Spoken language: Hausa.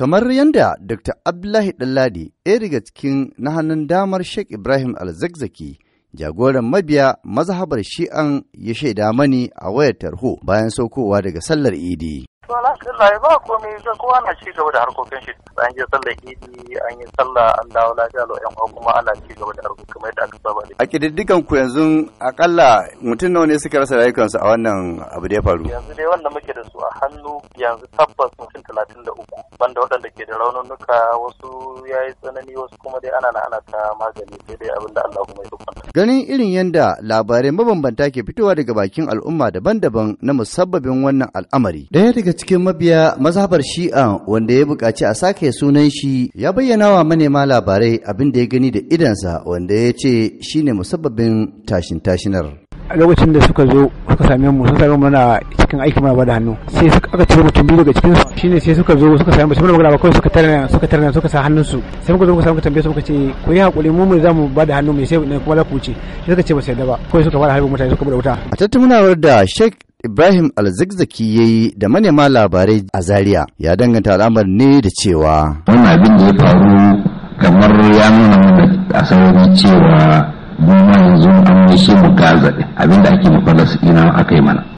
Kamar yadda Dr. Abdullahi Ɗanladi ɗaya daga cikin na hannun damar Sheikh Ibrahim Alzakzaki jagoran mabiya mazhabar shi'an ya shaida mani a wayar tarho bayan saukowa daga sallar idi. to alhamdulillah ba komai ga kowa na ci gaba da harkokin shi an yi sallar idi an yi sallah an dawo lafiya lo kuma ana ci gaba da harkokin kamar yadda aka saba a kididdigan ku yanzu akalla mutum nawa ne suka rasa rayukansu a wannan abu da ya faru yanzu dai wanda muke da su a hannu yanzu tabbas mutum talatin da uku banda waɗanda ke da raununuka wasu ya yi tsanani wasu kuma dai ana na ana ta magani sai dai abin da Allah kuma ya ganin irin yanda labarai mabambanta ke fitowa daga bakin al'umma daban-daban na musabbabin wannan al'amari daya daga cikin mabiya mazhabar shi'a wanda ya buƙaci a sake sunan shi ya bayyana wa manema labarai abin da ya gani da idansa wanda ya ce shine musabbabin tashin tashinar a lokacin da suka zo suka same mu sun same mu na cikin aiki mana bada hannu sai suka aka ciro mutum biyu daga cikin su shine sai suka zo suka same mu sun magana ba kawai suka tarna suka tarna suka sa hannun su sai muka zo muka samu tambaye su muka ce ku yi hakuri mu mu za mu bada hannu mai sai ne kuma la ku ce sai suka ce ba sai da ba kawai suka fara harbi mutane suka bude wuta a tattaunawar da Sheikh Ibrahim Alzikzaki ya yi da manema labarai a Zaria ya danganta al'amar ne da cewa. Wani abin da ya faru kamar ya nuna mana a sarari cewa mu ma yanzu an yi shi mu gaza abin da ake mu ina aka yi mana.